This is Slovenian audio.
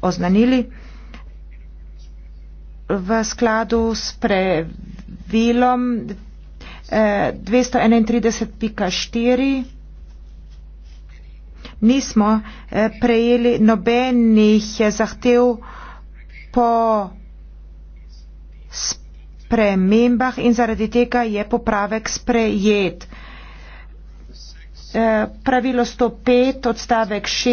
oznanili v skladu s previlom 231.4. Eh, nismo eh, prejeli nobenih eh, zahtev po spremembah in zaradi tega je popravek sprejet. Pravilo 105 odstavek 6.